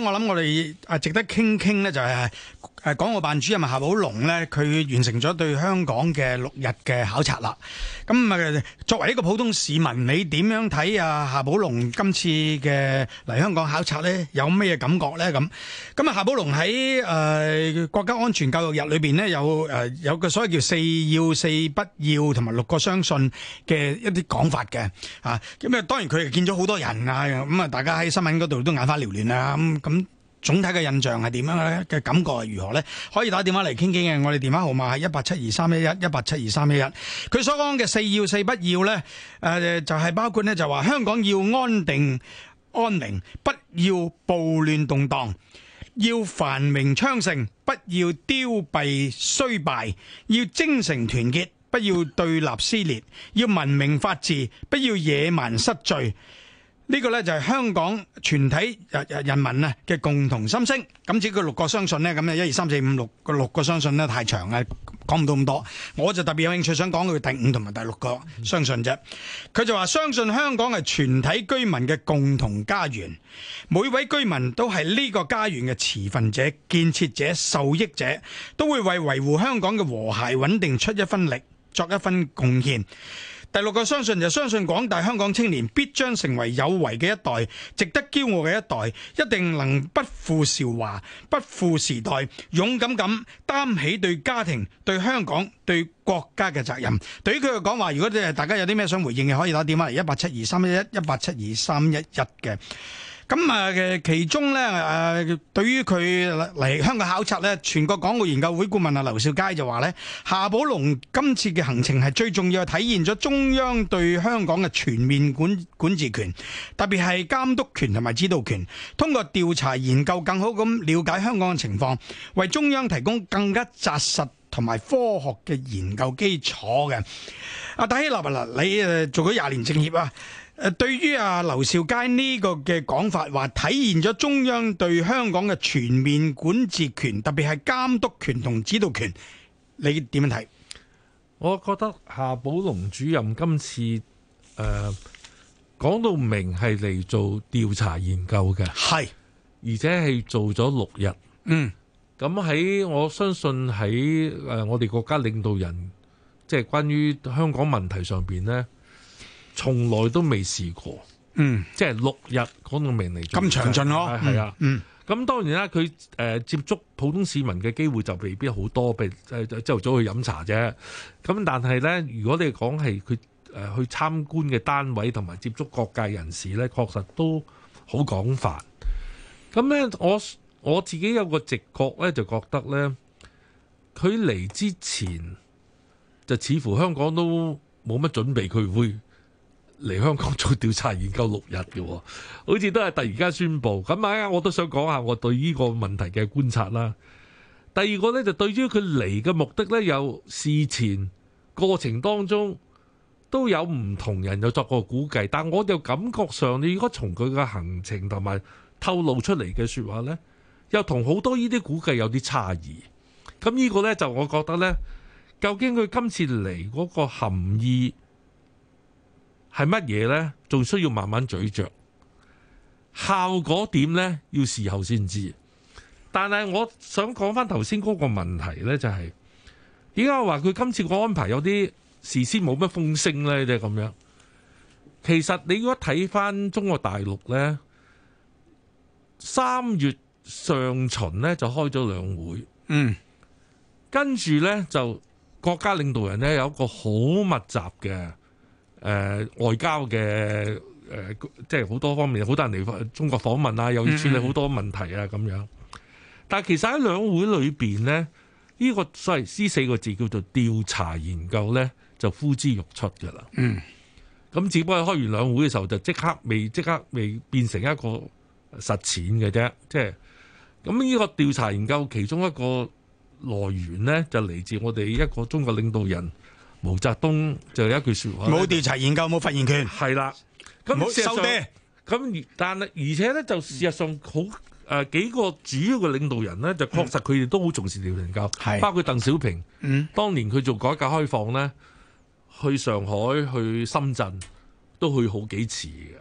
我諗我哋啊，值得傾傾咧，就係係。誒港澳辦主任夏寶龍呢，佢完成咗對香港嘅六日嘅考察啦。咁啊，作為一個普通市民，你點樣睇啊夏寶龍今次嘅嚟香港考察呢？有咩感覺呢？咁咁啊，夏寶龍喺誒國家安全教育日裏邊呢，有誒有個所謂叫四要四不要同埋六個相信嘅一啲講法嘅啊。咁啊，當然佢見咗好多人啊，咁啊，大家喺新聞嗰度都眼花撩亂呀。咁咁。總體嘅印象係點樣？嘅感覺係如何呢？可以打電話嚟傾傾嘅，我哋電話號碼係一八七二三一一一八七二三一一。佢所講嘅四要四不要呢，誒、呃，就係、是、包括呢，就話香港要安定安寧，不要暴亂動蕩；要繁榮昌盛，不要凋敝衰敗；要精誠團結，不要對立撕裂；要文明法治，不要野蠻失序。呢個呢，就係香港全體人人民呢嘅共同心聲。咁至於佢六個相信呢，咁啊一二三四五六個六個相信呢，太長啊，講唔到咁多。我就特別有興趣想講佢第五同埋第六個相信啫。佢就話相信香港係全體居民嘅共同家園，每位居民都係呢個家園嘅持份者、建設者、受益者，都會為維護香港嘅和諧穩定出一分力，作一分貢獻。第六個相信就係、相信廣大香港青年必將成為有為嘅一代，值得驕傲嘅一代，一定能不負韶華，不負時代，勇敢咁擔起對家庭、對香港、對國家嘅責任。對於佢嘅講話，如果你係大家有啲咩想回應，可以打電話嚟一八七二三一一一八七二三一一嘅。咁啊，其中咧誒，對於佢嚟香港考察咧，全國港澳研究會顧問啊，劉少佳就話咧，夏寶龍今次嘅行程係最重要，體現咗中央對香港嘅全面管管治權，特別係監督權同埋指導權。通過調查研究，更好咁了解香港嘅情況，為中央提供更加紮實同埋科學嘅研究基礎嘅。阿戴希立你做咗廿年政協啊？對於阿劉兆佳呢個嘅講法，話體現咗中央對香港嘅全面管治權，特別係監督權同指導權，你點樣睇？我覺得夏寶龍主任今次誒、呃、講到明係嚟做調查研究嘅，係是而且係做咗六日。嗯，咁喺我相信喺誒我哋國家領導人即係關於香港問題上邊呢。從來都未試過，嗯，即係六日講到明嚟咁詳盡咯，是嗯、啊，嗯。咁、嗯、當然啦，佢誒接觸普通市民嘅機會就未必好多，譬如朝頭早去飲茶啫。咁但係呢，如果你講係佢誒去參觀嘅單位同埋接觸各界人士呢，確實都好廣泛。咁呢，我我自己有個直覺呢，就覺得呢，佢嚟之前就似乎香港都冇乜準備，佢會。嚟香港做調查研究六日嘅，好似都係突然間宣布。咁啊，我都想講下我對呢個問題嘅觀察啦。第二個呢，就對於佢嚟嘅目的呢，有事前過程當中都有唔同人有作過估計，但我又感覺上，你應該從佢嘅行程同埋透露出嚟嘅說話呢，又同好多呢啲估計有啲差異。咁呢個呢，就我覺得呢，究竟佢今次嚟嗰個含意。係乜嘢呢？仲需要慢慢咀嚼，效果點呢？要事後先知。但係我想講翻頭先嗰個問題呢，就是，就係點解我話佢今次個安排有啲事先冇乜風聲呢？即係咁樣。其實你如果睇翻中國大陸呢，三月上旬呢就開咗兩會，嗯，跟住呢，就國家領導人呢，有一個好密集嘅。誒、呃、外交嘅、呃、即係好多方面，好多人嚟中國訪問啊，又要處理好多問題啊，咁樣。但係其實喺兩會裏邊咧，呢個所謂嘅四個字叫做調查研究咧，就呼之欲出㗎啦。嗯。咁只不過開完兩會嘅時候，就即刻未即刻未變成一個實踐嘅啫，即係咁呢個調查研究其中一個來源咧，就嚟自我哋一個中國領導人。毛澤東就有一句說話，冇調查研究冇發言權。係啦，咁咁而但係，而且咧就事實上好誒、呃，幾個主要嘅領導人咧就確實佢哋都好重視調查研究，嗯、包括鄧小平。嗯，當年佢做改革開放咧，去上海、去深圳都去好幾次嘅。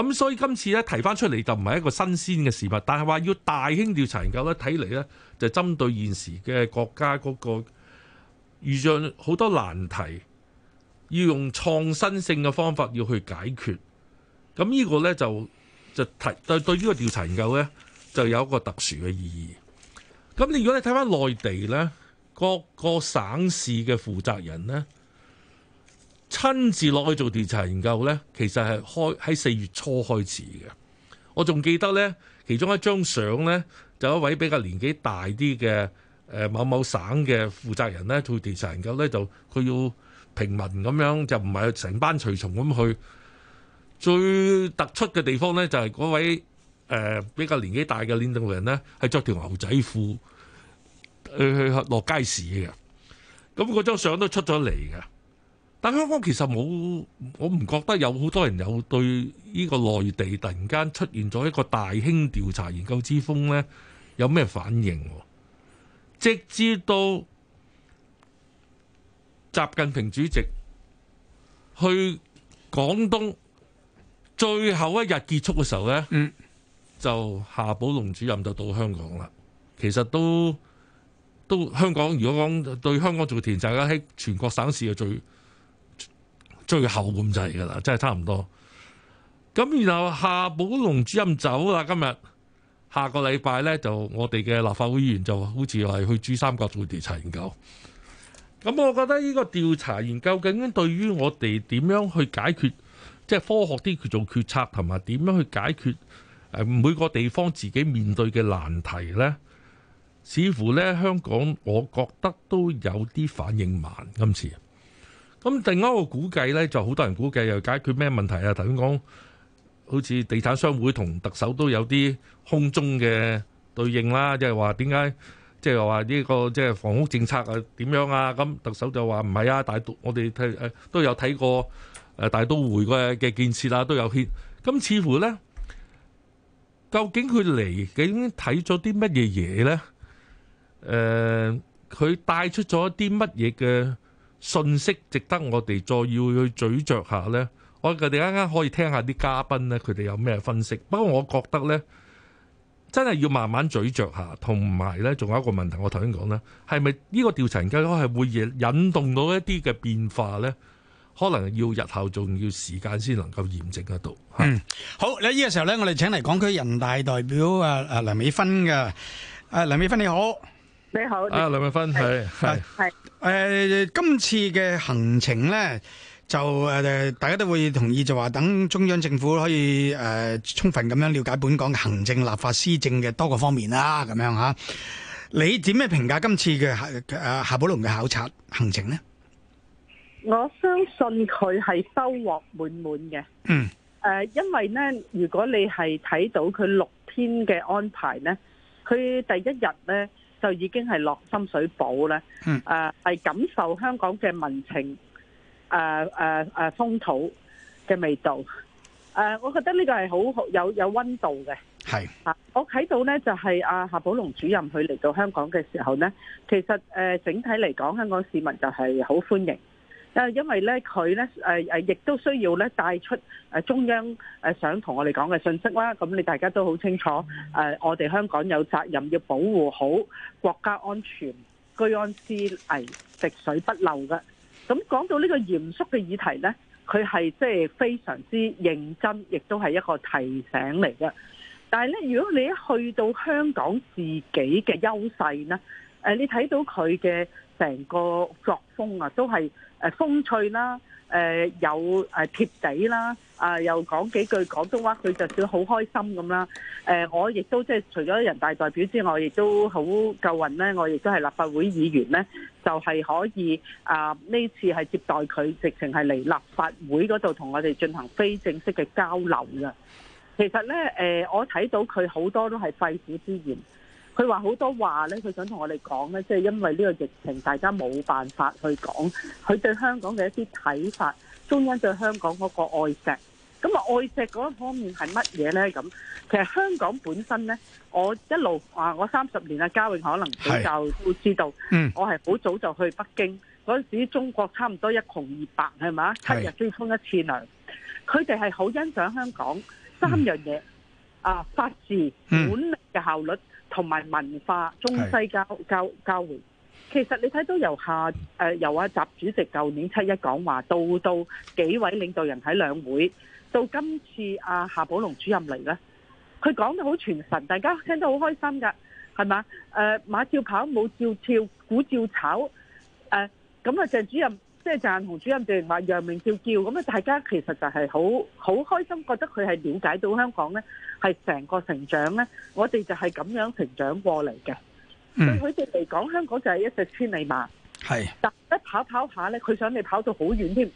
咁所以今次咧提翻出嚟就唔係一個新鮮嘅事物，但係話要大興調查研究咧，睇嚟咧就針對現時嘅國家嗰、那個。遇上好多難題，要用創新性嘅方法要去解決。咁呢個呢，就就提對對呢個調查研究呢，就有一個特殊嘅意義。咁你如果你睇翻內地呢，各個省市嘅負責人呢，親自落去做調查研究呢，其實係開喺四月初開始嘅。我仲記得呢，其中一張相呢，就一位比較年紀大啲嘅。誒某某省嘅負責人咧，做調查研究咧，就佢要平民咁樣，就唔係成班隨從咁去最突出嘅地方咧，就係嗰位誒比較年紀大嘅領導人咧，係着條牛仔褲、呃、去去落街市嘅。咁嗰張相都出咗嚟嘅。但香港其實冇，我唔覺得有好多人有對呢個內地突然間出現咗一個大興調查研究之風咧，有咩反應？直至到習近平主席去廣東最後一日結束嘅時候呢、嗯、就夏寶龍主任就到香港啦。其實都都香港，如果講對香港做田就喺全國省市嘅最最後咁滯㗎啦，真係差唔多。咁然後夏寶龍主任走啦，今日。下個禮拜呢，就我哋嘅立法會議員就好似係去珠三角做調查研究。咁，我覺得呢個調查研究究竟對於我哋點樣去解決，即係科學啲做決策，同埋點樣去解決誒每個地方自己面對嘅難題呢？似乎呢香港我覺得都有啲反應慢今次。咁另外一個估計呢，就好多人估計又要解決咩問題啊？頭先講。好似地產商會同特首都有啲空中嘅對應啦，即係話點解？即係話呢個即係房屋政策啊，點樣啊？咁特首就話唔係啊，大都我哋睇誒都有睇過誒大都會嘅嘅建設啦，都有牽。咁似乎呢，究竟佢嚟緊睇咗啲乜嘢嘢呢？誒，佢帶出咗啲乜嘢嘅信息，值得我哋再要去咀嚼下呢？我哋啱啱可以聽下啲嘉賓咧，佢哋有咩分析。不過我覺得咧，真係要慢慢咀嚼下，同埋咧，仲有一個問題，我頭先講咧，係咪呢個調查結果係會引引動到一啲嘅變化咧？可能要日後仲要時間先能夠驗證得到。嗯，好，喺呢個時候咧，我哋請嚟港區人大代表啊啊梁美芬噶，啊梁美芬你好，你好，啊梁美芬係係係，誒，今次嘅行程咧。就、呃、大家都會同意就話，等中央政府可以、呃、充分咁樣了解本港行政、立法、施政嘅多個方面啦。咁樣、啊、你點樣評價今次嘅、呃、夏誒夏寶龍嘅考察行程呢？我相信佢係收穫滿滿嘅。嗯、呃。因為呢，如果你係睇到佢六天嘅安排呢，佢第一日呢就已經係落深水埗呢，嗯。係、呃、感受香港嘅民情。誒誒誒，風土嘅味道誒，我覺得呢個係好好有有溫度嘅。係吓，我睇到咧就係阿夏寶龍主任佢嚟到香港嘅時候咧，其實誒整體嚟講，香港市民就係好歡迎。誒，因為咧佢咧誒誒，亦都需要咧帶出誒中央誒想同我哋講嘅信息啦。咁你大家都好清楚誒，我哋香港有責任要保護好國家安全、居安思危、滴水不漏噶。咁講到呢個嚴肅嘅議題呢，佢係即係非常之認真，亦都係一個提醒嚟嘅。但係呢，如果你一去到香港自己嘅優勢呢，你睇到佢嘅成個作風啊，都係。誒風趣啦，誒、呃、有誒貼地啦，啊、呃、又講幾句廣東話，佢就算好開心咁啦。誒、呃、我亦都即係除咗人大代表之外，亦都好夠運咧，我亦都係立法會議員咧，就係、是、可以啊呢次係接待佢，直情係嚟立法會嗰度同我哋進行非正式嘅交流㗎。其實咧，誒、呃、我睇到佢好多都係肺腑之言。佢話好多話咧，佢想同我哋講咧，即係因為呢個疫情，大家冇辦法去講。佢對香港嘅一啲睇法，中央對香港嗰個愛錫。咁啊，愛錫嗰方面係乜嘢咧？咁其實香港本身咧，我一路話，我三十年啊，家和可能比較都知道。嗯。我係好早就去北京嗰陣時，中國差唔多一窮二白係咪？七日先沖一次涼。佢哋係好欣賞香港三樣嘢啊，法治、嗯，管理嘅效率。同埋文化中西交交交匯，其實你睇到由夏、呃、由阿習主席舊年七一講話，到到幾位領導人喺兩會，到今次阿、啊、夏寶龍主任嚟咧，佢講得好全神，大家聽得好開心㗎，係嘛？誒、呃、馬照跑，舞照跳，股照炒，誒咁啊！鄭主任。即係讚洪主任，譬如話揚名叫叫咁咧，大家其實就係好好開心，覺得佢係了解到香港咧，係成個成長咧。我哋就係咁樣成長過嚟嘅。對佢哋嚟講，香港就係一隻千里馬。係但一跑跑下咧，佢想你跑到好遠添，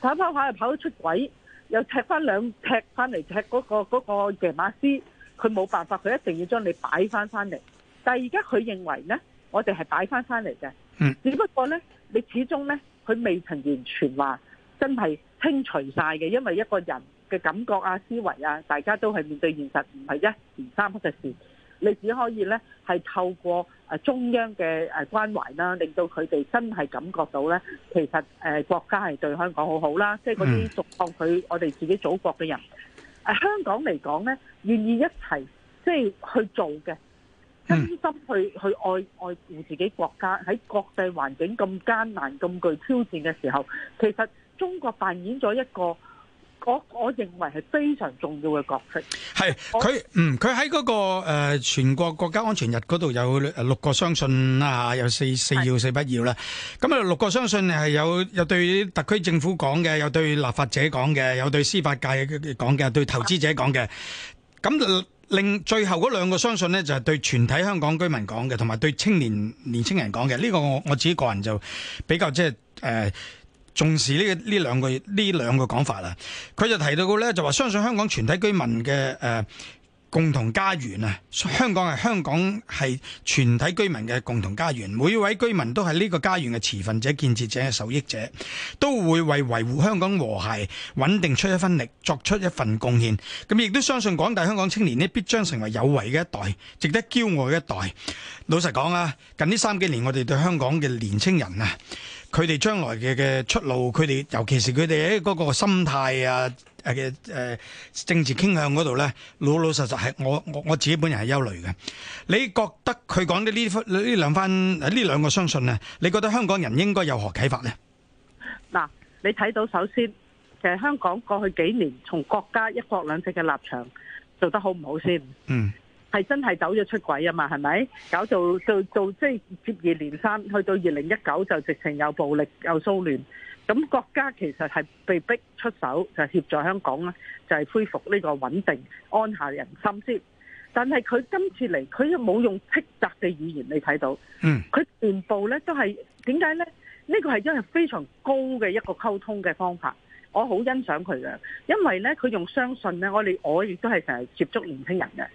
跑跑下又跑到出軌，又踢翻兩踢翻嚟踢嗰個嗰個騎馬師，佢冇辦法，佢一定要將你擺翻翻嚟。但係而家佢認為咧，我哋係擺翻翻嚟嘅。嗯，只不過咧，你始終咧。佢未曾完全話真係清除晒嘅，因為一個人嘅感覺啊、思維啊，大家都係面對現實，唔係一時三刻嘅事。你只可以呢係透過誒中央嘅誒關懷啦，令到佢哋真係感覺到呢，其實誒、呃、國家係對香港好好啦，即係嗰啲屬望佢我哋自己祖國嘅人。誒香港嚟講呢，願意一齊即係去做嘅。真心去去愛愛護自己國家，喺國際環境咁艱難、咁具挑戰嘅時候，其實中國扮演咗一個我我認為係非常重要嘅角色。係佢嗯，佢喺嗰個誒全國國家安全日嗰度有六個相信啦吓，有四四要四不要啦。咁啊六個相信係有有對特區政府講嘅，有對立法者講嘅，有對司法界講嘅，對投資者講嘅。咁另最後嗰兩個相信呢，就係對全體香港居民講嘅，同埋對青年年青人講嘅。呢個我我自己個人就比較即係呃、重視呢個呢兩個呢兩個講法啦。佢就提到過呢，就話相信香港全體居民嘅誒。呃共同家園啊！香港係香港係全體居民嘅共同家園，每位居民都係呢個家園嘅持份者、建設者、受益者，都會為維護香港和諧穩定出一份力、作出一份貢獻。咁亦都相信廣大香港青年呢，必將成為有為嘅一代，值得驕傲嘅一代。老實講啊，近呢三幾年，我哋對香港嘅年輕人啊。佢哋將來嘅嘅出路，佢哋尤其是佢哋喺嗰個心態啊，誒嘅誒政治傾向嗰度咧，老老實實係我我我自己本人係憂慮嘅。你覺得佢講啲呢呢兩番呢兩個相信咧？你覺得香港人應該有何啟發呢？嗱，你睇到首先其實香港過去幾年從國家一國兩制嘅立場做得好唔好先？嗯。係真係走咗出軌啊嘛，係咪？搞到到到即係接二連三，去到二零一九就直情又暴力又騷亂。咁國家其實係被逼出手，就協助香港啦，就係恢復呢個穩定、安下人心先。但係佢今次嚟，佢冇用斥責嘅語言，你睇到，嗯，佢全部咧都係點解咧？呢個係因為非常高嘅一個溝通嘅方法，我好欣賞佢嘅，因為咧佢用相信咧，我哋我亦都係成日接觸年輕人嘅。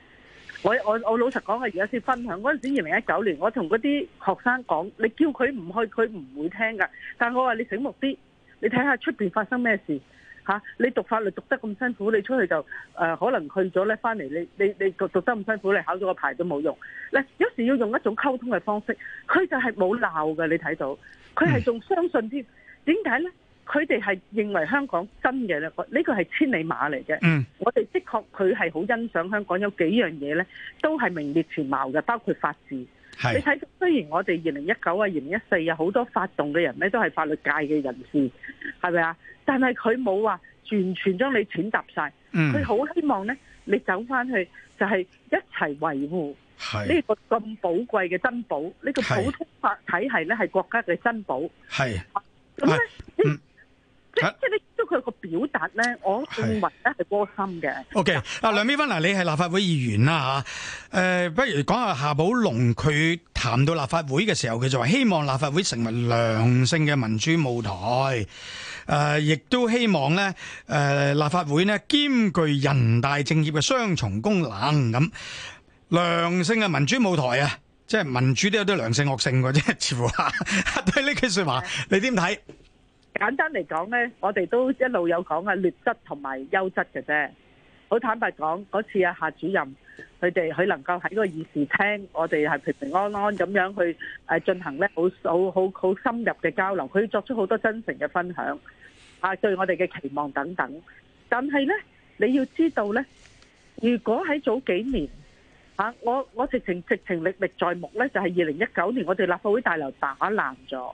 我我我老實講啊，而家先分享嗰陣時，二零一九年，我同嗰啲學生講，你叫佢唔去，佢唔會聽噶。但係我話你醒目啲，你睇下出邊發生咩事吓，你讀法律讀得咁辛苦，你出去就誒可能去咗咧，翻嚟你你你讀讀得咁辛苦，你考咗個牌都冇用。嗱，有時要用一種溝通嘅方式，佢就係冇鬧噶，你睇到，佢係仲相信添。點解咧？佢哋係認為香港真嘅咧，呢、這個係千里馬嚟嘅。嗯，我哋的確佢係好欣賞香港有幾樣嘢咧，都係名列前茅嘅，包括法治。係是，你睇到雖然我哋二零一九啊、二零一四啊好多發動嘅人咧都係法律界嘅人士，係咪啊？但係佢冇話完全將你踐踏晒。佢好、嗯、希望咧，你走翻去就係、是、一齊維護呢個咁寶貴嘅珍寶。呢是個普通法體系咧係國家嘅珍寶。係是，咁咧、嗯即係即你佢個表達咧，我認為呢係窩心嘅。O K，嗱梁美芬，嗱你係立法會議員啦吓，誒、呃，不如講下夏寶龍佢談到立法會嘅時候，佢就話希望立法會成為良性嘅民主舞台，誒、呃，亦都希望咧，誒、呃，立法會呢兼具人大政協嘅雙重功能咁，良性嘅民主舞台啊，即係民主都有啲良性惡性嘅啫，似乎吓 對呢句說話，的你點睇？簡單嚟講呢，我哋都一路有講啊劣質同埋優質嘅啫。好坦白講，嗰次啊夏主任佢哋佢能夠喺個議事廳，我哋係平平安安咁樣去誒進行呢，好好好好深入嘅交流。佢作出好多真誠嘅分享，啊對我哋嘅期望等等。但係呢，你要知道呢，如果喺早幾年吓我我直情直情歷歷在目呢，就係二零一九年我哋立法會大樓打爛咗。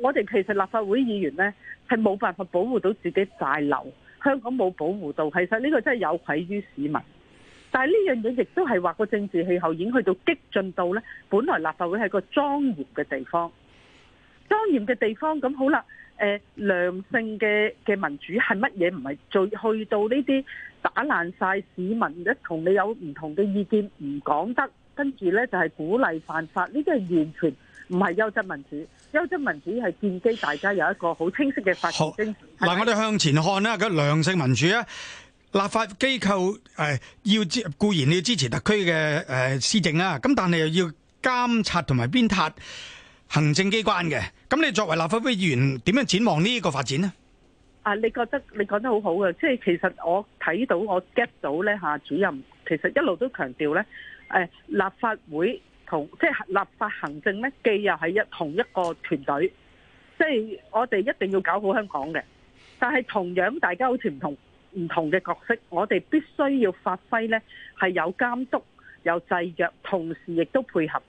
我哋其實立法會議員呢，係冇辦法保護到自己大樓，香港冇保護到，其實呢個真係有愧於市民。但係呢樣嘢亦都係話個政治氣候已經去到激進到呢，本來立法會係個莊嚴嘅地方，莊嚴嘅地方咁好啦。誒，良性嘅嘅民主係乜嘢？唔係最去到呢啲打爛晒市民，一同你有唔同嘅意見唔講得，跟住呢，就係鼓勵犯法，呢啲係完全唔係優質民主。優質民主係建基，大家有一個好清晰嘅發展。嗱，我哋向前看啦，咁良性民主咧，立法機構係要、呃、固然要支持特區嘅誒施政啊，咁但係又要監察同埋鞭撻行政機關嘅。咁你作為立法會議員，點樣展望呢個發展呢？啊，你覺得你講得好好嘅，即係其實我睇到我 get 到咧夏主任，其實一路都強調咧，誒、呃、立法會。同即係立法行政咧，既又係一同一個團隊，即係我哋一定要搞好香港嘅。但係同樣大家好似唔同唔同嘅角色，我哋必須要發揮咧，係有監督、有制約，同時亦都配合。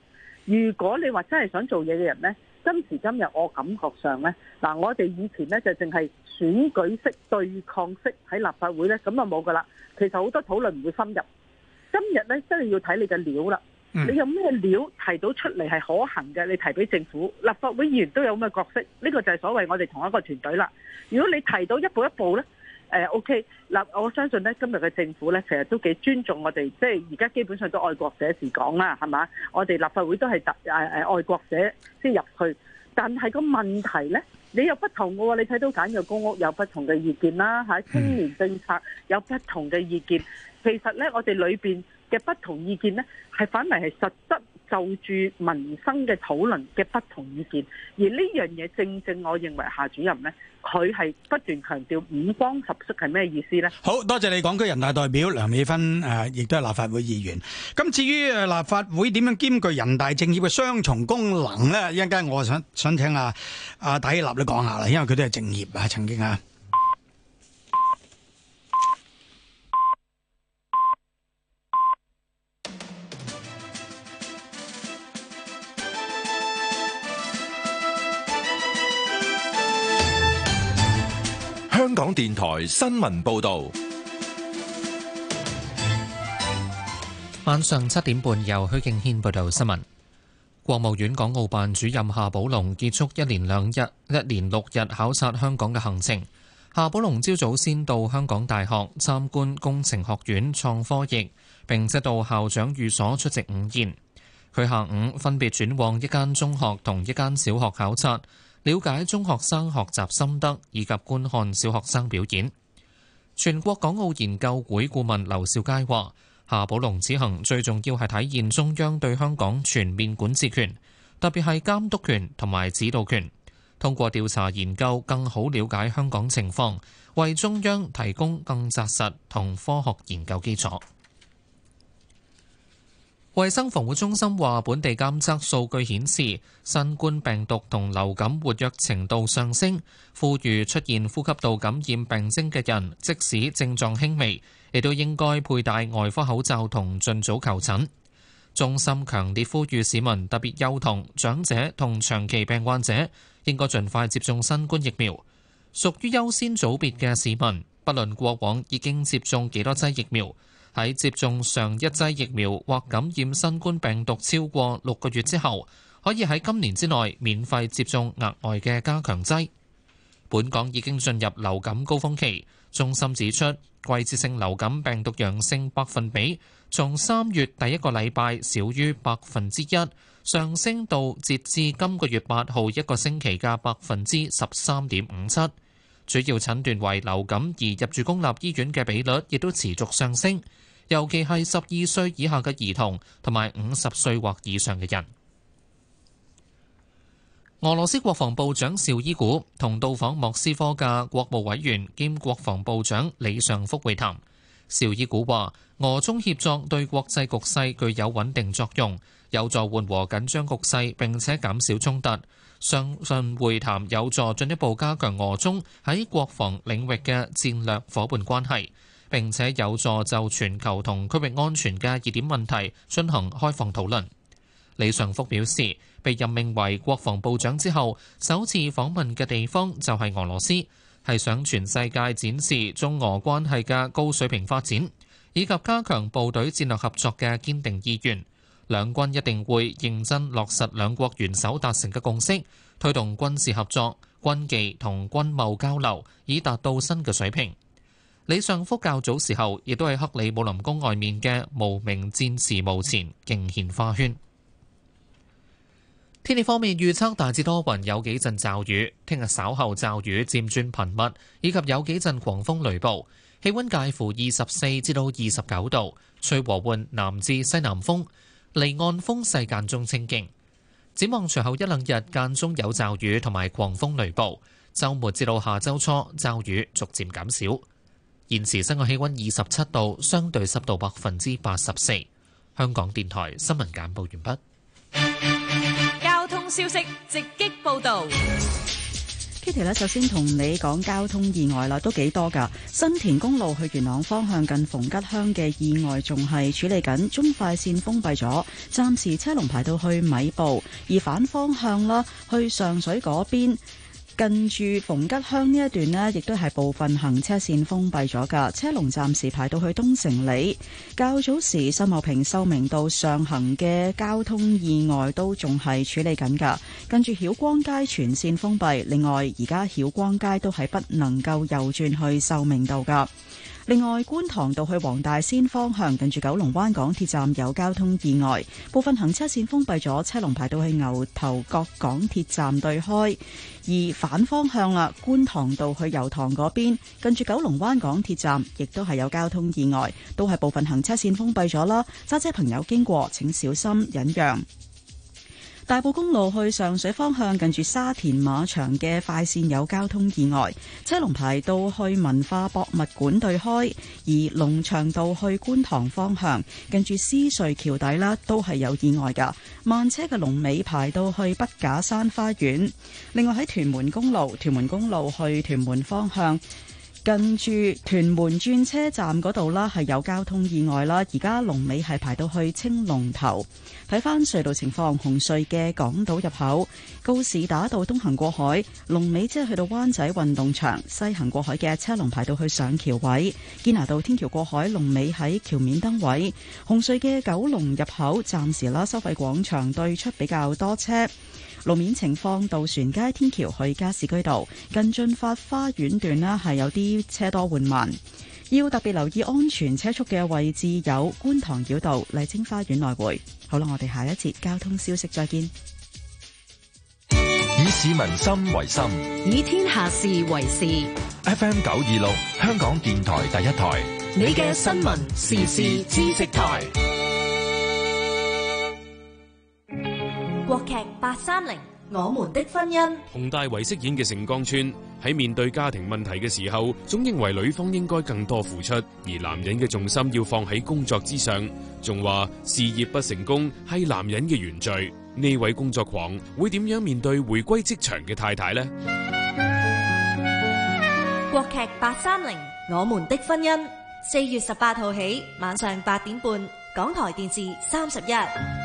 如果你話真係想做嘢嘅人咧，今時今日我感覺上咧，嗱，我哋以前咧就淨係選舉式對抗式喺立法會咧，咁就冇噶啦。其實好多討論唔會深入。今日咧真係要睇你嘅料啦。你有咩料提到出嚟係可行嘅？你提俾政府立法會議員都有咁嘅角色，呢、這個就係所謂我哋同一個團隊啦。如果你提到一步一步呢、呃、OK，嗱、呃，我相信呢今日嘅政府呢，其實都幾尊重我哋，即係而家基本上都愛國者治港啦，係嘛？我哋立法會都係誒誒愛國者先入去，但係個問題呢，你有不同喎。你睇到簡約公屋有不同嘅意見啦，吓、啊、青年政策有不同嘅意見，其實呢，我哋裏面……嘅不同意見呢，係反而係實質就住民生嘅討論嘅不同意見。而呢樣嘢正正，我認為夏主任呢，佢係不斷強調五光十色係咩意思呢？好多謝你，港區人大代表梁美芬誒、呃，亦都係立法會議員。咁至於立法會點樣兼具人大政協嘅雙重功能呢，一陣間我想想聽、啊啊、你下阿底立都講下啦，因為佢都係政協啊，曾經啊。香港電台新聞報道，晚上七點半由許敬軒報道新聞。國務院港澳辦主任夏寶龍結束一連兩日，一連六日考察香港嘅行程。夏寶龍朝早先到香港大學參觀工程學院創科翼，並即到校長寓所出席午宴。佢下午分別轉往一間中學同一間小學考察。了解中學生學習心得以及觀看小學生表演。全國港澳研究會顧問劉兆佳話，夏寶龍此行最重要係體現中央對香港全面管治權，特別係監督權同埋指導權。通過調查研究，更好了解香港情況，為中央提供更扎實同科學研究基礎。衛生防護中心話，本地監測數據顯示，新冠病毒同流感活躍程度上升，呼籲出現呼吸道感染病徵嘅人，即使症狀輕微，亦都應該佩戴外科口罩同盡早求診。中心強烈呼籲市民，特別幼童、長者同長期病患者，應該盡快接種新冠疫苗。屬於優先組別嘅市民，不論過往已經接種幾多劑疫苗，喺接種上一劑疫苗或感染新冠病毒超過六個月之後，可以喺今年之內免費接種額外嘅加強劑。本港已經進入流感高峰期，中心指出，季節性流感病毒陽性百分比從三月第一個禮拜少於百分之一，上升到截至今個月八號一個星期嘅百分之十三點五七。主要診斷為流感而入住公立醫院嘅比率亦都持續上升，尤其係十二歲以下嘅兒童同埋五十歲或以上嘅人。俄羅斯國防部長邵伊古同到訪莫斯科嘅國務委員兼國防部長李尚福會談。邵伊古話，俄中協作對國際局勢具有穩定作用，有助緩和緊張局勢，並且減少衝突。相信會談有助進一步加強俄中喺國防領域嘅戰略伙伴關係，並且有助就全球同區域安全嘅熱點問題進行開放討論。李尚福表示，被任命為國防部長之後首次訪問嘅地方就係俄羅斯，係向全世界展示中俄關係嘅高水平發展，以及加強部隊戰略合作嘅堅定意願。兩軍一定會認真落實兩國元首達成嘅共識，推動軍事合作、軍技同軍貿交流，以達到新嘅水平。李尚福較早時候亦都喺克里姆林宮外面嘅無名戰士墓前敬獻花圈。天氣方面預測大致多雲，有幾陣驟雨。聽日稍後驟雨漸轉頻密，以及有幾陣狂風雷暴。氣温介乎二十四至到二十九度，吹和緩南至西南風。離岸風勢間中清勁，展望隨後一兩日間中有驟雨同埋狂風雷暴，周末至到下周初驟雨逐漸減少。現時室外氣温二十七度，相對濕度百分之八十四。香港電台新聞簡報完畢。交通消息直擊報道。Kitty 呢，首先同你講交通意外啦，都幾多噶。新田公路去元朗方向近逢吉鄉嘅意外仲係處理緊，中快綫封閉咗，暫時車龍排到去米埔，而反方向啦，去上水嗰邊。近住逢吉鄉呢一段呢，亦都係部分行車線封閉咗噶車龍暫時排到去東城里。較早時，秀茂坪秀明道上行嘅交通意外都仲係處理緊噶。近住曉光街全線封閉，另外而家曉光街都係不能夠右轉去秀明道噶。另外，觀塘道去黃大仙方向近住九龍灣港鐵站有交通意外，部分行車綫封閉咗，車龍排到去牛頭角港鐵站對開，而反方向啦，觀塘道去油塘嗰邊近住九龍灣港鐵站，亦都係有交通意外，都係部分行車綫封閉咗啦，揸車朋友經過請小心忍讓。大埔公路去上水方向，近住沙田馬場嘅快線有交通意外，車龍排到去文化博物館對開；而龍翔道去觀塘方向，近住獅隧橋底啦，都係有意外㗎。慢車嘅龍尾排到去畢架山花園。另外喺屯門公路，屯門公路去屯門方向。近住屯門轉車站嗰度啦，係有交通意外啦。而家龍尾係排到去青龍頭。睇翻隧道情況，紅隧嘅港島入口、告士打道東行過海龍尾，龍即係去到灣仔運動場；西行過海嘅車龍排到去上橋位。堅拿道天橋過海龍尾喺橋面燈位。紅隧嘅九龍入口暫時啦，收費廣場對出比較多車。路面情況，渡船街天橋去加士居道、近駿發花園段呢係有啲車多緩慢，要特別留意安全車速嘅位置有觀塘繞道、麗晶花園來回。好啦，我哋下一節交通消息再見。以市民心為心，以天下事為事。FM 九二六，香港電台第一台，你嘅新聞時事知識台。國劇八三零我們的婚姻，洪大為飾演嘅盛江川喺面對家庭問題嘅時候，總認為女方應該更多付出，而男人嘅重心要放喺工作之上，仲話事業不成功係男人嘅原罪。呢位工作狂會點樣面對回歸職場嘅太太呢？國劇八三零我們的婚姻，四月十八號起，晚上八點半，港台電視三十一。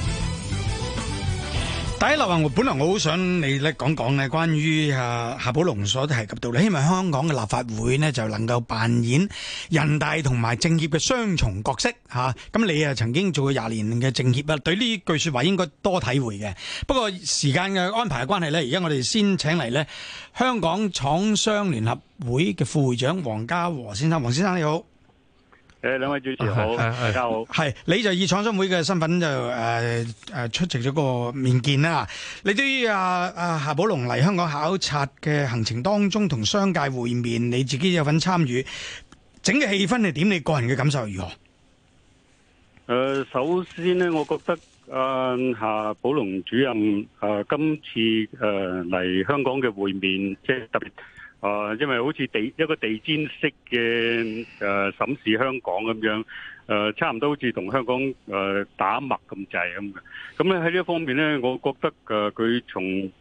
第一立行，我本來我好想你咧講講咧，關於啊夏寶龍所提及到你希望香港嘅立法會咧就能夠扮演人大同埋政協嘅雙重角色吓，咁、啊、你啊曾經做過廿年嘅政協啊，對呢句說話應該多體會嘅。不過時間嘅安排嘅關係咧，而家我哋先請嚟咧香港廠商聯合會嘅副會長黃家和先生，黃先生你好。誒，兩位主持好，大家、啊、好，係你就以廠商會嘅身份就誒誒、呃、出席咗個面見啦。你對於阿、啊、夏寶龍嚟香港考察嘅行程當中同商界會面，你自己有份參與，整個氣氛係點？你個人嘅感受如何？誒、呃，首先呢，我覺得阿、啊、夏寶龍主任誒、啊、今次誒嚟、啊、香港嘅會面，即、就、係、是、特別。啊，因為好似地一個地氈式嘅誒、呃、審視香港咁樣，誒、呃、差唔多好似同香港誒、呃、打脈咁滯咁嘅。咁咧喺呢一方面咧，我覺得誒佢從誒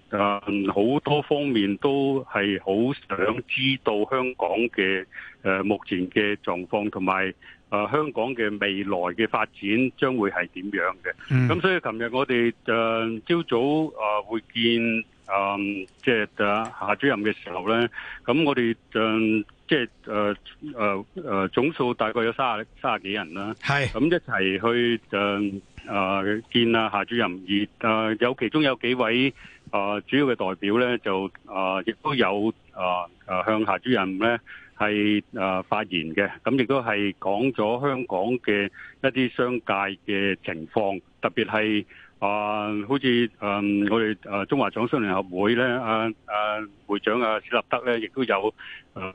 好、呃、多方面都係好想知道香港嘅誒、呃、目前嘅狀況同埋誒香港嘅未來嘅發展將會係點樣嘅。咁、嗯、所以琴日我哋誒朝早啊、呃、會見。嗯，即係啊，夏主任嘅時候咧，咁我哋、嗯、就即係誒誒誒，總數大概有三十、三十幾人啦。係是，咁、嗯、一齊去就、呃、見啊夏主任，而誒、呃、有其中有幾位、呃、主要嘅代表咧，就亦、呃、都有、呃、向夏主任咧係啊發言嘅，咁、嗯、亦都係講咗香港嘅一啲商界嘅情況，特別係。啊，好似誒、嗯，我哋誒、啊、中華廠商聯合會咧，阿、啊、阿、啊、會長阿、啊、史立德咧，亦都有向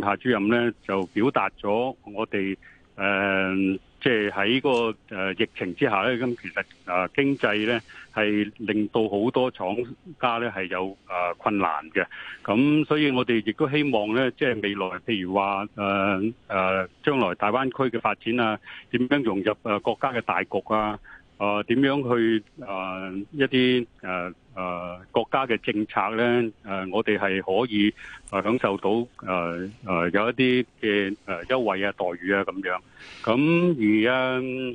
夏主任咧，就表達咗我哋誒，即係喺個誒、啊、疫情之下咧，咁其實啊經濟咧係令到好多廠家咧係有啊困難嘅。咁所以我哋亦都希望咧，即、就、係、是、未來譬如話誒誒，將來大灣區嘅發展啊，點樣融入誒國家嘅大局啊？啊，點樣去啊？一啲誒誒國家嘅政策咧，誒、啊、我哋係可以誒享受到誒誒、啊啊、有一啲嘅誒優惠啊、待遇啊咁樣。咁、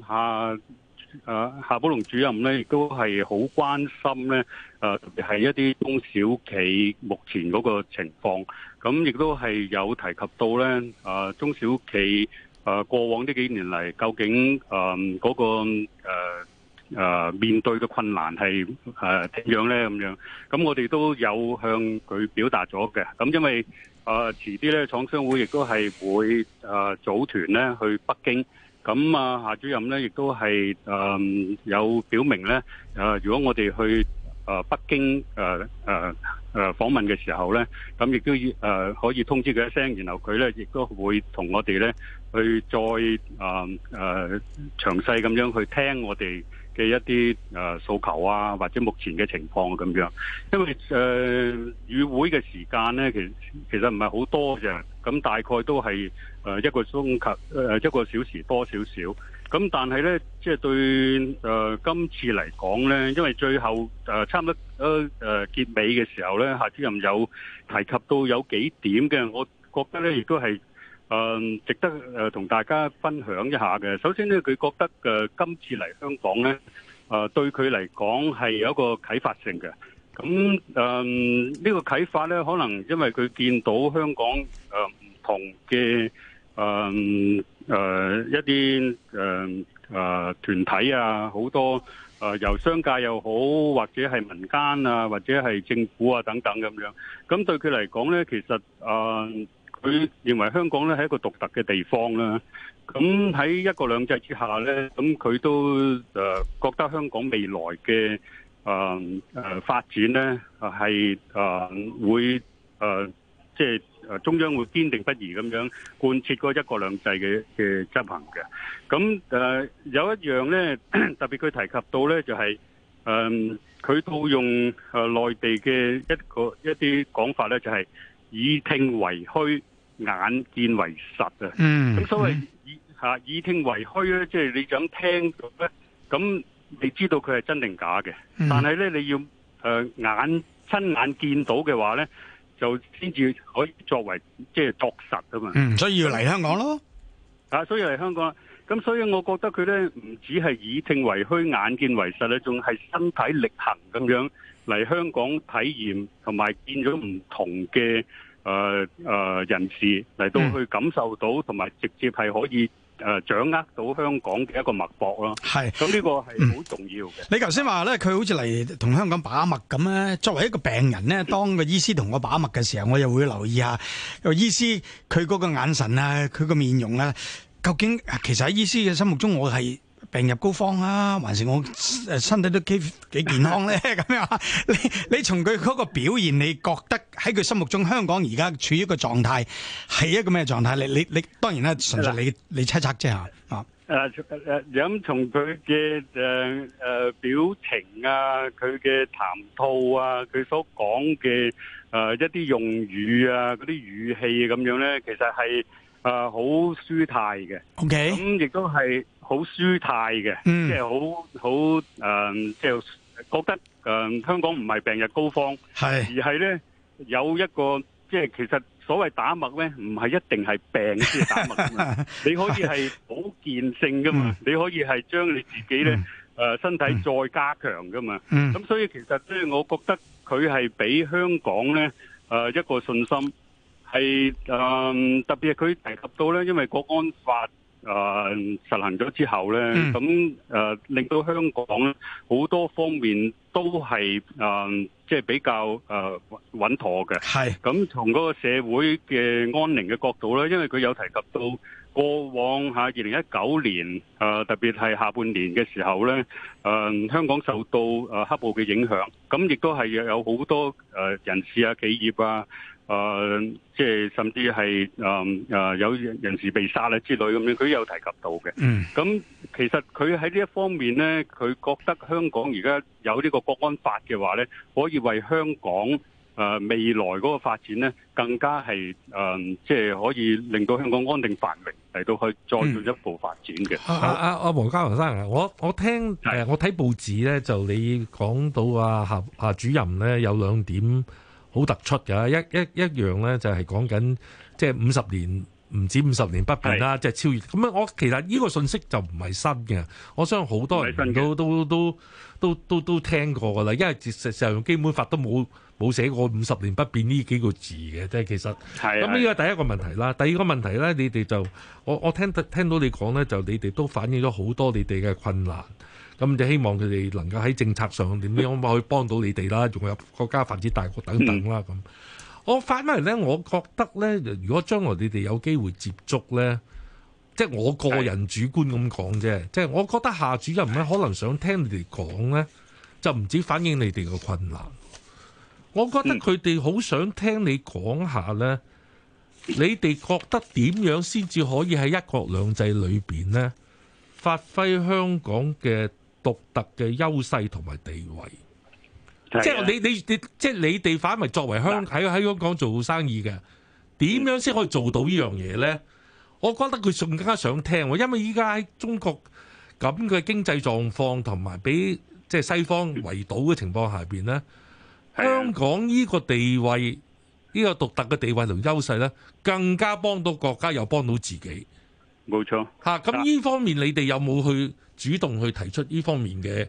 啊、而家、啊、夏誒、啊、夏寶龍主任咧，亦都係好關心咧誒，特別係一啲中小企目前嗰個情況。咁、啊、亦都係有提及到咧，誒、啊、中小企誒、啊、過往呢幾年嚟究竟誒嗰、啊嗰個、啊誒、呃、面對嘅困難係誒點樣咧？咁樣，咁我哋都有向佢表達咗嘅。咁因為誒、呃、遲啲咧，廠商會亦都係會誒、呃、組團咧去北京。咁啊，夏主任咧亦都係誒、呃、有表明咧誒、呃，如果我哋去誒、呃、北京誒誒誒訪問嘅時候咧，咁亦都要誒可以通知佢一聲，然後佢咧亦都會同我哋咧去再誒誒、呃呃、詳細咁樣去聽我哋嘅一啲誒訴求啊，或者目前嘅情況咁樣，因為誒與會嘅時間咧，其實其實唔係好多嘅，咁大概都係誒一個鐘及誒一個小時多少少，咁但係咧，即係對誒、呃、今次嚟講咧，因為最後誒、呃、差唔多誒誒結尾嘅時候咧，夏主任有提及到有幾點嘅，我覺得咧亦都係。誒值得誒同大家分享一下嘅。首先呢，佢覺得誒今次嚟香港呢，誒對佢嚟講，係有一個啟發性嘅。咁誒呢個啟發呢，可能因為佢見到香港誒唔同嘅誒誒一啲誒誒團體啊，好多誒由商界又好，或者係民間啊，或者係政府啊等等咁樣。咁對佢嚟講呢，其實。誒。佢認為香港咧係一個獨特嘅地方啦。咁喺一國兩制之下咧，咁佢都誒覺得香港未來嘅誒誒發展咧係誒會誒即係中央會堅定不移咁樣貫徹過一國兩制嘅嘅執行嘅。咁誒、呃、有一樣咧特別佢提及到咧，就係誒佢套用誒內地嘅一個一啲講法咧就係、是、以聽為虛。眼見為實啊！咁、嗯、所謂以、吓、以聽為虛咧，即、就、係、是、你想聽到咧，咁你知道佢係真定假嘅？嗯、但係咧，你要誒、呃、眼親眼見到嘅話咧，就先至可以作為即係、就是、作實啊嘛！嗯，所以要嚟香港咯，啊，所以嚟香港。咁所以我覺得佢咧唔只係以聽為虛，眼見為實咧，仲係身體力行咁樣嚟香港體驗同埋見咗唔同嘅。誒誒、呃呃，人士嚟到去感受到，同埋、嗯、直接係可以誒、呃、掌握到香港嘅一個脈搏咯。係是，咁呢個係好重要嘅、嗯。你頭先話咧，佢好似嚟同香港把脈咁咧，作為一個病人咧，當個醫師同我把脈嘅時候，我又會留意下，個醫師佢嗰個眼神啊，佢個面容啊，究竟其實喺醫師嘅心目中我，我係。病入膏肓啊，還是我誒身體都幾幾健康咧？咁 樣，你你從佢嗰個表現，你覺得喺佢心目中香港而家處於一個狀態係一個咩狀態？你你你，當然啦，純粹你的你猜測啫吓啊。誒誒，咁從佢嘅誒誒表情啊，佢嘅談吐啊，佢所講嘅誒一啲用語啊，嗰啲語氣啊咁樣咧，其實係。誒，好、uh, 舒泰嘅，咁亦都係好舒泰嘅，即係好好誒，即係、呃就是、覺得誒、呃，香港唔係病入膏肓，係是而係咧有一個即係、就是、其實所謂打脈咧，唔係一定係病先打脈， 你可以係保健性噶嘛，是你可以係將你自己咧誒、嗯呃、身體再加強噶嘛，咁、嗯、所以其實咧，我覺得佢係俾香港咧誒、呃、一個信心。係誒、呃，特別係佢提及到咧，因為國安法誒、呃、實行咗之後咧，咁誒、嗯呃、令到香港好多方面都係誒即係比較誒穩、呃、妥嘅。係咁從嗰個社會嘅安寧嘅角度咧，因為佢有提及到過往吓二零一九年誒、呃，特別係下半年嘅時候咧，誒、呃、香港受到誒、呃、黑暴嘅影響，咁亦都係有有好多誒、呃、人士啊、企業啊。誒、呃，即係甚至係誒誒，有人，人士被殺啦之類咁樣，佢有提及到嘅。嗯，咁其實佢喺呢一方面咧，佢覺得香港而家有呢個國安法嘅話咧，可以為香港誒、呃、未來嗰個發展咧，更加係誒、呃，即係可以令到香港安定繁榮，嚟到去再進一步發展嘅。阿阿阿黃家和生，我我聽係的、呃、我睇報紙咧，就你講到啊，夏夏，夏主任咧有兩點。好突出㗎，一一一樣咧就係講緊，即係五十年唔止五十年不變啦，即係是超越咁樣。我其實呢個信息就唔係新嘅，我相信好多人都都都都都都聽過㗎啦。因為實際上基本法都冇冇寫過五十年不變呢幾個字嘅，即係其實。咁呢個第一個問題啦，第二個問題咧，你哋就我我聽聽到你講咧，就你哋都反映咗好多你哋嘅困難。咁就希望佢哋能夠喺政策上點樣可以幫到你哋啦，仲有國家發展大局等等啦。咁我反而咧，我覺得咧，如果將來你哋有機會接觸咧，即係我個人主觀咁講啫，即係我覺得夏主任咧可能想聽你哋講咧，就唔止反映你哋嘅困難，我覺得佢哋好想聽你講下咧，你哋覺得點樣先至可以喺一國兩制裏邊咧發揮香港嘅獨特嘅優勢同埋地位，即係你你你，即係你哋反為作為香喺喺香港做生意嘅，點樣先可以做到呢樣嘢咧？我覺得佢更加想聽，因為依家喺中國咁嘅經濟狀況同埋俾即係西方圍堵嘅情況下邊咧，香港呢個地位呢個獨特嘅地位同優勢咧，更加幫到國家又幫到自己。冇錯，吓，咁呢方面你哋有冇去主動去提出呢方面嘅，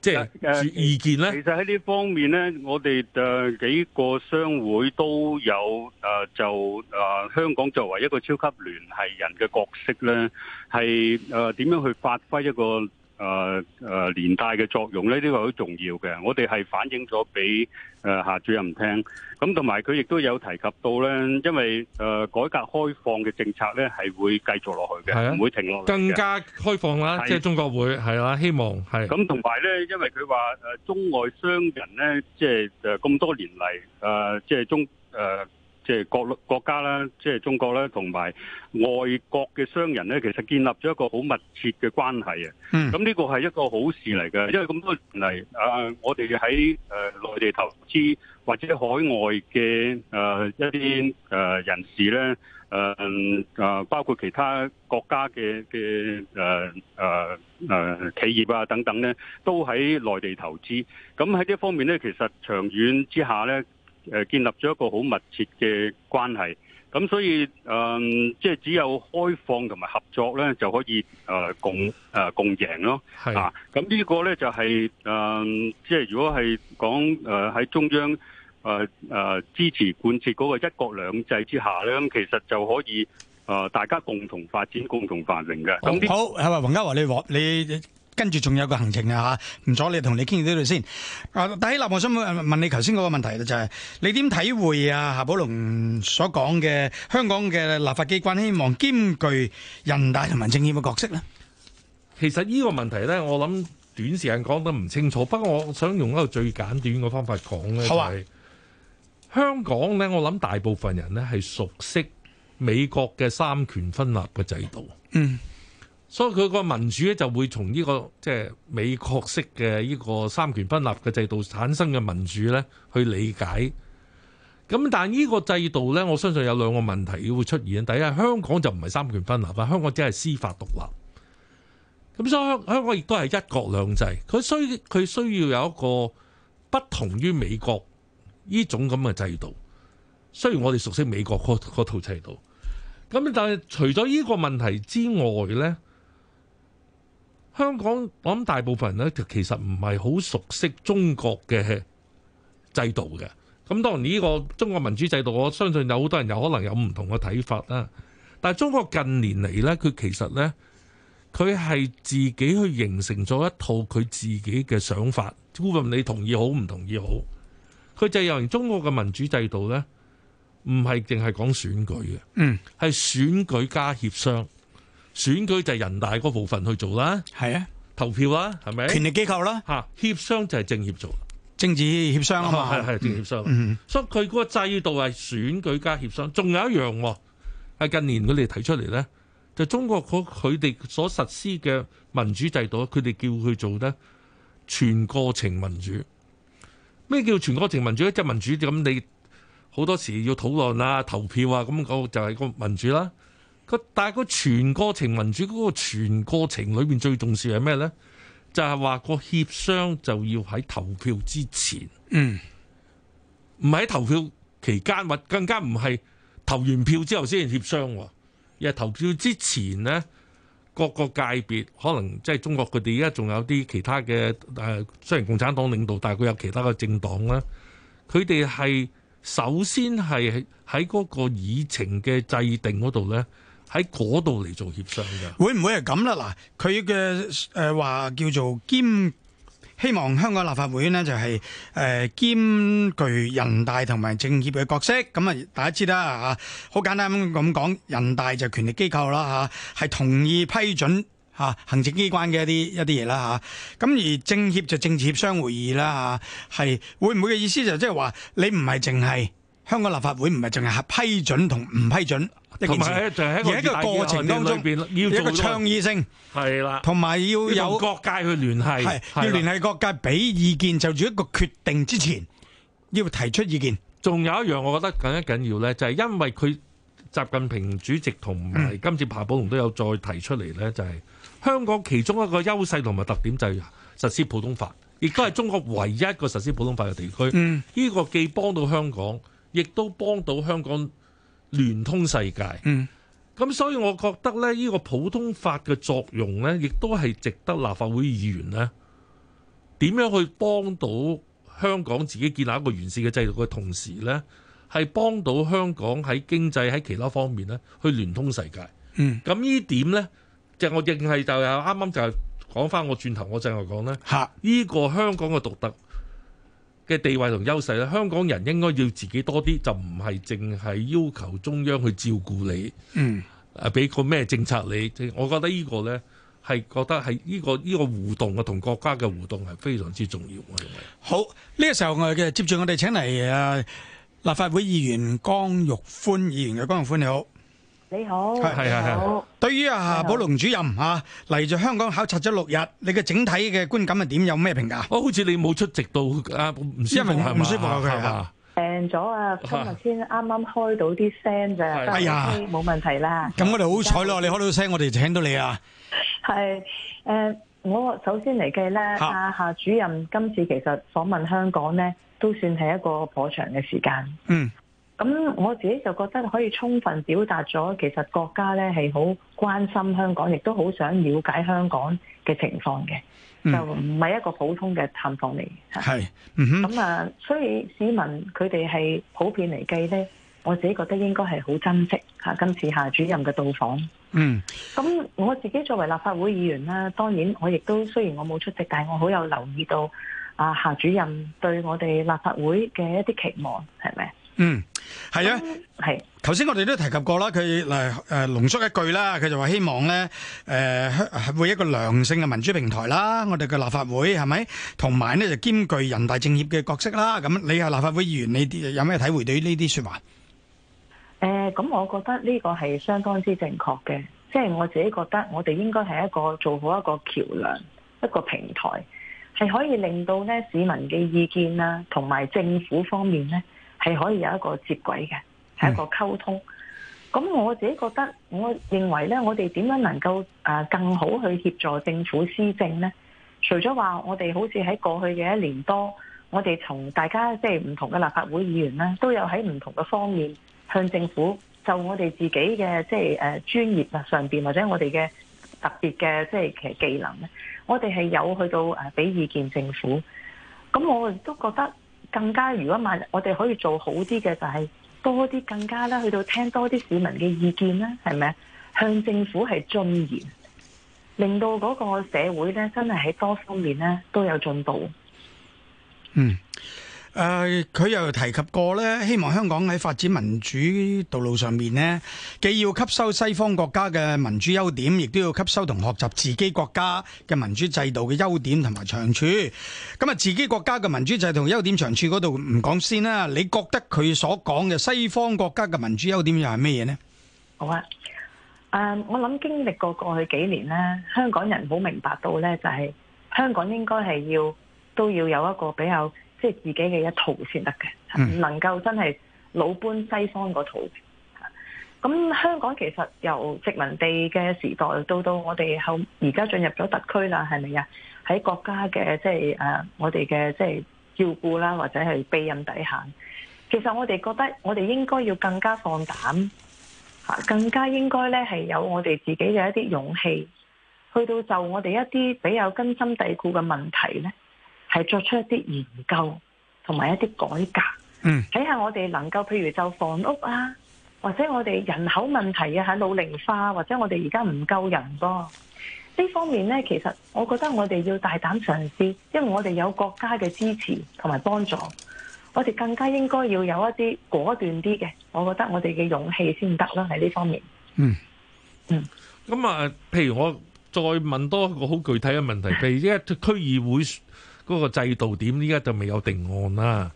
即係意見咧？其實喺呢方面咧，我哋誒幾個商會都有誒就誒香港作為一個超級聯繫人嘅角色咧，係誒點樣去發揮一個？誒誒、呃呃、連帶嘅作用咧，呢個好重要嘅。我哋係反映咗俾誒夏主任聽，咁同埋佢亦都有提及到咧，因為誒、呃、改革開放嘅政策咧係會繼續落去嘅，唔、係啊、會停落去。更加開放啦，即係、啊、中國會係啦、啊，希望係。咁同埋咧，因為佢話、呃、中外商人咧，即係誒咁多年嚟誒，即、呃、係、就是、中誒。呃即係各國家啦，即係中國啦，同埋外國嘅商人咧，其實建立咗一個好密切嘅關係啊！咁呢個係一個好事嚟嘅，因為咁多年嚟、呃、我哋喺誒內地投資或者海外嘅誒、呃、一啲誒、呃、人士咧，誒、呃、包括其他國家嘅嘅誒企業啊等等咧，都喺內地投資。咁喺呢一方面咧，其實長遠之下咧，誒建立咗一個好密切嘅關係，咁所以誒即係只有開放同埋合作咧，就可以誒、呃、共誒、呃、共贏咯。係是啊，咁呢個咧就係、是、誒、呃、即係如果係講誒喺中央誒誒、呃呃、支持貫徹嗰個一國兩制之下咧，咁其實就可以誒、呃、大家共同發展、共同繁榮嘅。咁好，係咪黃家和？你你？跟住仲有個行程啊嚇，唔阻你同你傾呢度先。啊，第一啦，我想問你頭先嗰個問題就係你點體會啊？夏寶龍所講嘅香港嘅立法機關希望兼具人大同埋政協嘅角色呢？其實呢個問題呢，我諗短時間講得唔清楚。不過我想用一個最簡短嘅方法講呢：就係香港呢，我諗大部分人呢係熟悉美國嘅三權分立嘅制度。嗯。所以佢個民主咧就會從呢個即係美國式嘅呢個三權分立嘅制度產生嘅民主呢去理解。咁但係呢個制度呢，我相信有兩個問題會出現。第一，香港就唔係三權分立，香港只係司法獨立。咁所以香港亦都係一國兩制，佢需佢需要有一個不同於美國呢種咁嘅制度。雖然我哋熟悉美國嗰套制度，咁但係除咗呢個問題之外呢。香港，我諗大部分人咧，其實唔係好熟悉中國嘅制度嘅。咁當然呢個中國民主制度，我相信有好多人有可能有唔同嘅睇法啦。但係中國近年嚟咧，佢其實咧，佢係自己去形成咗一套佢自己嘅想法。無論你同意好唔同意好，佢就係由中國嘅民主制度咧，唔係淨係講選舉嘅，係、嗯、選舉加協商。選舉就係人大嗰部分去做啦，係啊，投票啦，係咪？權力機構啦，吓，協商就係政協做政協、啊哦，政治協商啊嘛，係係協商。嗯、所以佢嗰個制度係選舉加協商，仲有一樣喎、啊，係近年佢哋提出嚟咧，就是、中國佢哋所實施嘅民主制度，佢哋叫佢做咧全過程民主。咩叫全過程民主一即、就是、民主咁，你好多時要討論啊、投票啊，咁、嗰個、就係個民主啦。個但係個全過程民主嗰個全過程裏邊最重視係咩呢？就係話個協商就要喺投票之前，嗯，唔係喺投票期間，或更加唔係投完票之後先嚟協商。而係投票之前呢，各個界別可能即係中國佢哋而家仲有啲其他嘅誒，雖然共產黨領導，但係佢有其他嘅政黨啦。佢哋係首先係喺嗰個議程嘅制定嗰度呢。喺嗰度嚟做協商嘅，會唔會係咁啦？嗱，佢嘅誒話叫做兼希望香港立法會呢就係誒兼具人大同埋政協嘅角色。咁啊，大家知啦嚇。好簡單咁講，人大就權力機構啦嚇，係同意批准嚇行政機關嘅一啲一啲嘢啦嚇。咁而政協就政治協商會議啦嚇，係會唔會嘅意思就即係話你唔係淨係？香港立法會唔係淨係批准同唔批准一件事，而係一個過程當中，要一個倡議性係啦，同埋的要有要各界去聯繫，要聯繫各界俾意見，就住一個決定之前要提出意見。仲有一樣我覺得緊一緊要咧，就係、是、因為佢習近平主席同埋今次夏寶龍都有再提出嚟咧，嗯、就係香港其中一個優勢同埋特點就係實施普通法，亦都係中國唯一一個實施普通法嘅地區。呢、嗯、個既幫到香港。亦都幫到香港聯通世界，咁、嗯、所以我覺得咧，呢個普通法嘅作用咧，亦都係值得立法會議員咧點樣去幫到香港自己建立一個完善嘅制度嘅同時咧，係幫到香港喺經濟喺其他方面咧去聯通世界。咁、嗯、呢點咧，我就，剛剛就我亦係就係啱啱就係講翻我轉頭我正話講咧，呢哈個香港嘅獨特。嘅地位同優勢咧，香港人應該要自己多啲，就唔係淨係要求中央去照顧你，嗯，誒俾、啊、個咩政策你，即係我覺得個呢個咧係覺得係呢、這個呢、這個互動啊，同國家嘅互動係非常之重要。我認為。好，呢、這個時候我哋嘅接住我哋請嚟啊立法會議員江玉歡議員嘅江玉歡，你好。你好，你好。對於啊，夏寶龍主任啊嚟咗香港考察咗六日，你嘅整體嘅觀感係點？有咩評價？哦，好似你冇出席到啊，因為唔舒服佢病咗啊，今日先啱啱開到啲聲咋，但係冇問題啦。咁我哋好彩咯，你開到聲，我哋請到你啊。係誒，我首先嚟計咧，阿夏主任今次其實訪問香港咧，都算係一個頗長嘅時間。嗯。咁我自己就覺得可以充分表達咗，其實國家咧係好關心香港，亦都好想了解香港嘅情況嘅，嗯、就唔係一個普通嘅探訪嚟。咁啊、嗯，所以市民佢哋係普遍嚟計咧，我自己覺得應該係好珍惜今次夏主任嘅到訪。嗯，咁我自己作為立法會議員啦，當然我亦都雖然我冇出席，但我好有留意到啊夏主任對我哋立法會嘅一啲期望係咪？嗯，係啊，係。頭先我哋都提及過啦，佢誒誒濃縮一句啦，佢就話希望咧，誒會一個良性嘅民主平台啦。我哋嘅立法會係咪？同埋咧就兼具人大政協嘅角色啦。咁你係立法會議員，你啲有咩體會？對於呢啲說話？誒，咁我覺得呢個係相當之正確嘅，即係我自己覺得，我哋應該係一個做好一個橋樑，一個平台，係可以令到咧市民嘅意見啊，同埋政府方面咧。係可以有一個接軌嘅，係一個溝通。咁、嗯、我自己覺得，我認為呢，我哋點樣能夠更好去協助政府施政呢？除咗話我哋好似喺過去嘅一年多，我哋從大家即係唔同嘅立法會議員呢，都有喺唔同嘅方面向政府就我哋自己嘅即係誒專業啊，上邊或者我哋嘅特別嘅即係其實技能呢，我哋係有去到誒俾意見政府。咁我亦都覺得。更加如果萬，我哋可以做好啲嘅就係多啲更加啦，去到聽多啲市民嘅意見啦，係咪啊？向政府係進言，令到嗰個社會咧真係喺多方面咧都有進步。嗯。誒，佢、呃、又提及過咧，希望香港喺發展民主道路上面呢，既要吸收西方國家嘅民主優點，亦都要吸收同學習自己國家嘅民主制度嘅優點同埋長處。咁啊，自己國家嘅民主制度同優點長處嗰度唔講先啦。你覺得佢所講嘅西方國家嘅民主優點又係咩嘢呢？好啊，誒、呃，我諗經歷過過去幾年咧，香港人好明白到呢，就係、是、香港應該係要都要有一個比較。即係自己嘅一套先得嘅，唔、嗯、能夠真係老搬西方個套。咁香港其實由殖民地嘅時代到到我哋後而家進入咗特區啦，係咪啊？喺國家嘅即係誒，我哋嘅即係照顧啦，或者係庇蔭底下，其實我哋覺得我哋應該要更加放膽嚇，更加應該咧係有我哋自己嘅一啲勇氣，去到就我哋一啲比較根深蒂固嘅問題咧。係作出一啲研究同埋一啲改革，嗯，睇下我哋能夠，譬如就房屋啊，或者我哋人口問題啊，喺老齡化，或者我哋而家唔夠人噃。呢方面呢，其實我覺得我哋要大膽嘗試，因為我哋有國家嘅支持同埋幫助，我哋更加應該要有一啲果斷啲嘅，我覺得我哋嘅勇氣先得啦喺呢方面。嗯嗯，咁啊，嗯，譬如我再問多一個好具體嘅問題，譬如一區議會。嗰個制度點？依家就未有定案啦。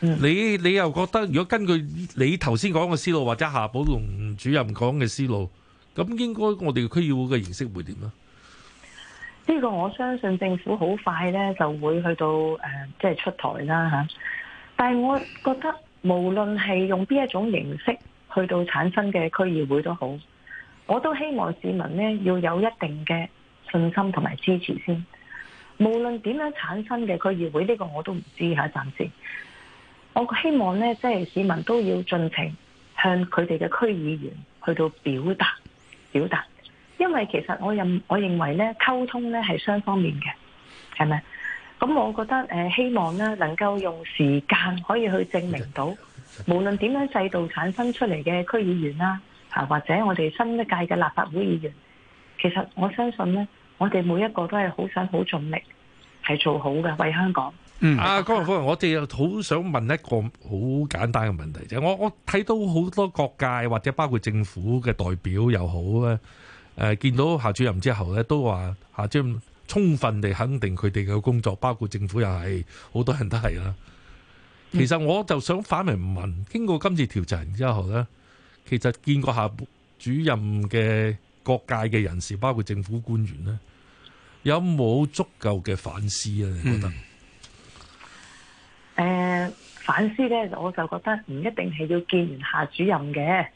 嗯、你你又覺得，如果根據你頭先講嘅思路，或者夏寶龍主任講嘅思路，咁應該我哋區議會嘅形式會點啊？呢個我相信政府好快呢就會去到誒即係出台啦嚇。但係我覺得無論係用邊一種形式去到產生嘅區議會都好，我都希望市民呢要有一定嘅信心同埋支持先。無論點樣產生嘅區議會呢、這個我都唔知吓，暫時。我希望咧，即係市民都要盡情向佢哋嘅區議員去到表達表達，因為其實我認我認為咧，溝通咧係雙方面嘅，係咪？咁我覺得誒、呃，希望咧能夠用時間可以去證明到，無論點樣制度產生出嚟嘅區議員啦、啊，嚇、啊、或者我哋新一屆嘅立法會議員，其實我相信咧。我哋每一個都係好想好盡力，係做好嘅，為香港。嗯，啊，江玉歡，我哋又好想問一個好簡單嘅問題啫。我我睇到好多各界或者包括政府嘅代表又好咧，誒，見到夏主任之後咧，都話夏主任充分地肯定佢哋嘅工作，包括政府又係好多人都係啦。其實我就想反問問，經過今次調查然之後咧，其實見過夏主任嘅。各界嘅人士，包括政府官員呢，有冇足夠嘅反思啊？你覺得？誒，反思呢，我就覺得唔一定係要見完夏主任嘅。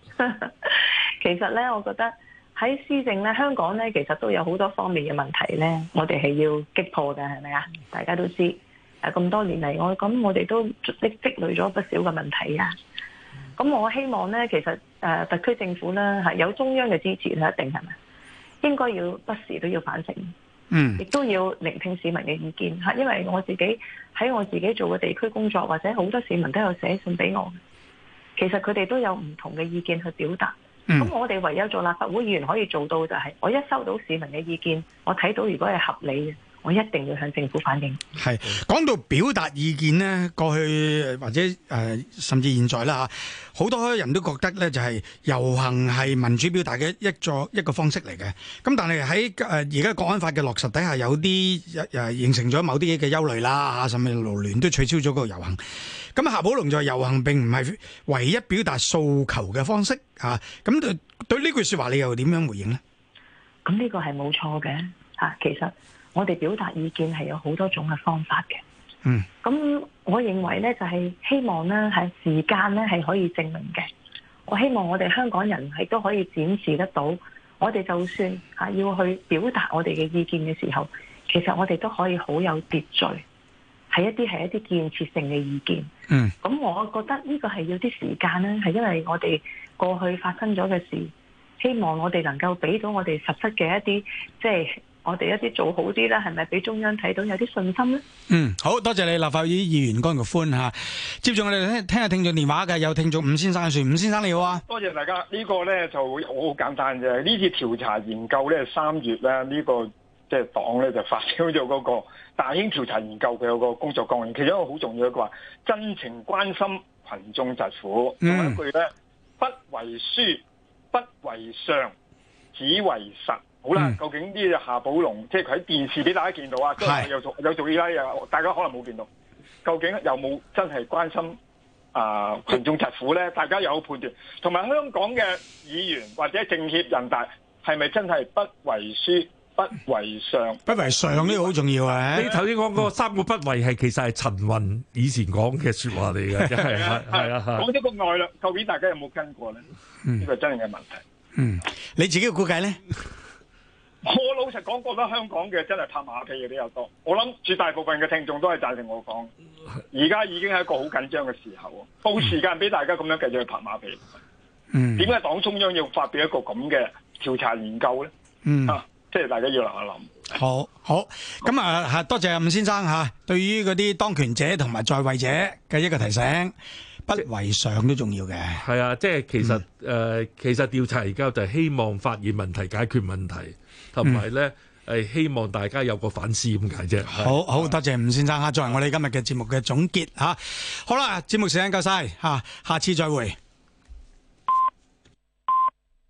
其實呢，我覺得喺施政呢，香港呢，其實都有好多方面嘅問題呢，我哋係要擊破嘅，係咪啊？大家都知，誒，咁多年嚟，我咁我哋都積積累咗不少嘅問題啊。咁我希望咧，其實、呃、特區政府咧、啊，係有中央嘅支持咧，一定係咪應該要不時都要反省？嗯，亦都要聆聽市民嘅意見、吓、因為我自己喺我自己做嘅地區工作，或者好多市民都有寫信俾我。其實佢哋都有唔同嘅意見去表達。咁、嗯、我哋唯有做立法會議員可以做到就係、係，我一收到市民嘅意見，我睇到如果係合理嘅。我一定要向政府反映。係講到表達意見呢，過去或者誒、呃、甚至現在啦吓，好多人都覺得咧就係遊行係民主表達嘅一個一個方式嚟嘅。咁但係喺誒而家國安法嘅落實底下，有啲誒、呃、形成咗某啲嘢嘅憂慮啦吓，甚至勞聯都取消咗個遊行。咁夏寶龍就遊行，並唔係唯一表達訴求嘅方式吓。咁、啊、對對呢句說話，你又點樣回應呢？咁呢個係冇錯嘅吓，其實。我哋表達意見係有好多種嘅方法嘅，嗯，咁我認為呢，就係希望呢喺時間咧係可以證明嘅。我希望我哋香港人係都可以展示得到，我哋就算吓要去表達我哋嘅意見嘅時候，其實我哋都可以好有秩序，係一啲係一啲建設性嘅意見。嗯，咁我覺得呢個係要啲時間，呢係因為我哋過去發生咗嘅事，希望我哋能夠俾到我哋實質嘅一啲，即係。就是我哋一啲做好啲咧，係咪俾中央睇到有啲信心咧？嗯，好多謝你立法會議員江玉歡吓，接住我哋聽聽下聽眾電話嘅，有聽眾伍先生嘅，說伍先生你好啊，多謝大家。這個、呢個咧就好簡單嘅，呢次調查研究咧三月咧呢、這個即係黨咧就發表咗嗰個大英調查研究佢有個工作綱領，其中一個好重要一個話，真情關心群眾疾苦，同埋一句咧、嗯、不為書，不為上，只為實。好啦，嗯、究竟呢隻夏寶龍，即係佢喺電視俾大家見到啊，即係是有做又做有大家可能冇見到，究竟有冇真係關心啊，呃、群眾疾苦咧？大家有判斷，同埋香港嘅議員或者政協人大係咪真係不為書、不為上、不為上呢？好重要啊！你頭先講個三個不為係，其實係陳雲以前講嘅說話嚟嘅，係 啊，講咗咁耐啦，究竟大家有冇跟過咧？呢個、嗯、真係嘅問題，嗯，你自己嘅估計咧？我老實講，覺得香港嘅真係拍馬屁嘅比較多。我諗絕大部分嘅聽眾都係贊成我講。而家已經係一個好緊張嘅時候，冇時間俾大家咁樣繼續去拍馬屁。嗯，點解黨中央要發表一個咁嘅調查研究咧？嗯，啊，即係大家要留下諗。好好，咁啊，uh, 多謝伍先生吓，uh, 對於嗰啲當權者同埋在位者嘅一個提醒。即為上都重要嘅，係啊！即係其實誒，其實調查而家就係希望發現問題、解決問題，同埋咧，誒，希望大家有個反思，咁解啫。好好，多謝吳先生，作為我哋今日嘅節目嘅總結吓。好啦，節目時間夠晒吓，下次再會。